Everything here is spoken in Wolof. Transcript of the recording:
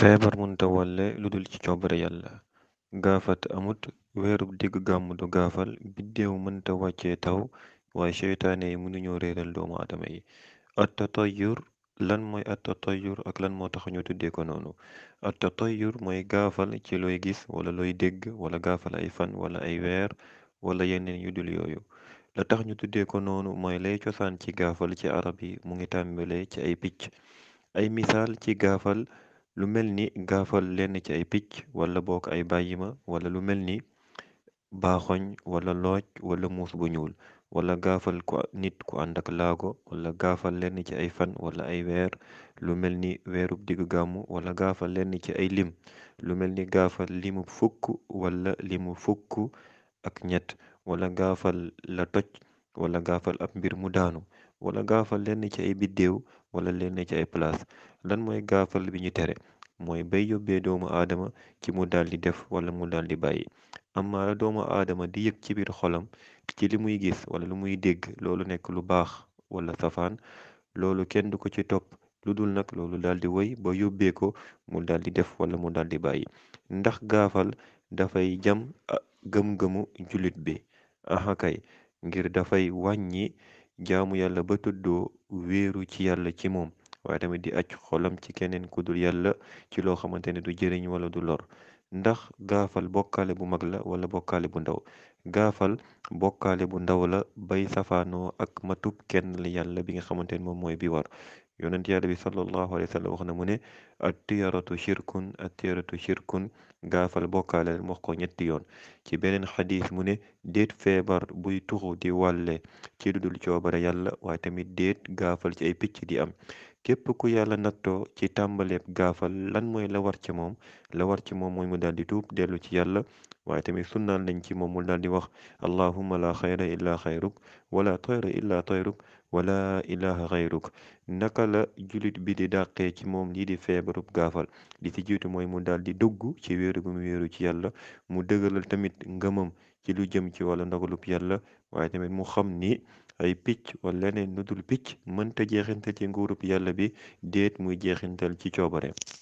feebar munta wàlle ludul ci coobare yàlla gaafat amut weeru digg gàmmu du gaafal biddeew mënta wàccee taw waaye seytaane yi mënuñoo réeral doomu aadama yi attatayur lan mooy attatayur ak lan moo tax ñu tuddee ko noonu attatayur mooy gaafal ci looy gis wala looy dégg wala gaafal ay fan wala ay weer wala yeneen yu dul yooyu la tax ñu tuddee ko noonu mooy lay cosaan ci gaafal ci arab yi mu ngi tàmbalee ci ay picc ay misaal ci gaafal lu mel ni gaafal lenn ci ay picc wala bokk ay bàyyima wala lu mel ni baaxoñ wala looj wala muus bu ñuul wala gaafal ko nit ko ànd ak laago wala gaafal lenn ci ay fan wala ay weer lu mel ni weerub digg gàmmu wala gaafal lenn ci ay lim lu mel ni gaafal limu fukk wala limu fukk ak ñett wala gaafal la toj wala gaafal ab mbir mu daanu wala gaafal lenn ci ay biddéew wala lenn ci ay place lan mooy gaafal bi ñu tere mooy bay yóbbee doomu aadama ci mu daal di def wala mu daal di bàyyi amma doomu aadama di yëg ci biir xolam ci li muy gis wala lu muy dégg loolu nekk lu baax wala safaan loolu kenn du ko ci top lu dul nag loolu daal di woy ba yóbbee mu daal di def wala mu daal di bàyyi ndax gaafal dafay jam ah, gëm-gëmu jullit bi aha kay ngir dafay wàññi jaamu yàlla ba tuddoo wéeru ci yàlla ci moom waaye tamit di acc xolam ci keneen ku dul ci loo xamante ne du jëriñ wala du lor ndax gaafal bokkaale bu mag la wala bokkaale bu ndaw gaafal bokkaale bu ndaw la bay safaanoo ak matub kenn la yàlla bi nga xamante ne moom mooy bi war yonent yàlla bi sallallahu alayhi wa sallam wax na mu ne at tiyaratu shirkun at tiyaratu shirkun gaafal bokkaale mu ñetti yoon ci beneen xadis mu ne déet feebar buy tuxu di wàlle ci lu dul coobare yàlla waaye tamit déet gaafal ci ay picc di am képp ku yàlla nattoo ci tàmbaleeb gaafal lan mooy la war ci moom la war ci moom mooy mu daal di tuub dellu ci yàlla waaye tamit sunnaan lañ ci moom mu daal di wax allahumma la xayra illa xayruk wala toyra illa toyruk wala ilaha xayruk naka la julit bi di dàqee ci moom lii di feebarub gaafal di ci jiitu mooy mu daal di dugg ci wéeru bu mu wéeru ci yàlla mu dëgëral tamit ngëmam ci lu jëm ci wala ndogalub yàlla waaye tamit mu xam ni ay picc wala leneen lu dul picc mënta jeexintal ci nguurub yàlla bi déet muy jeexintal ci coobareem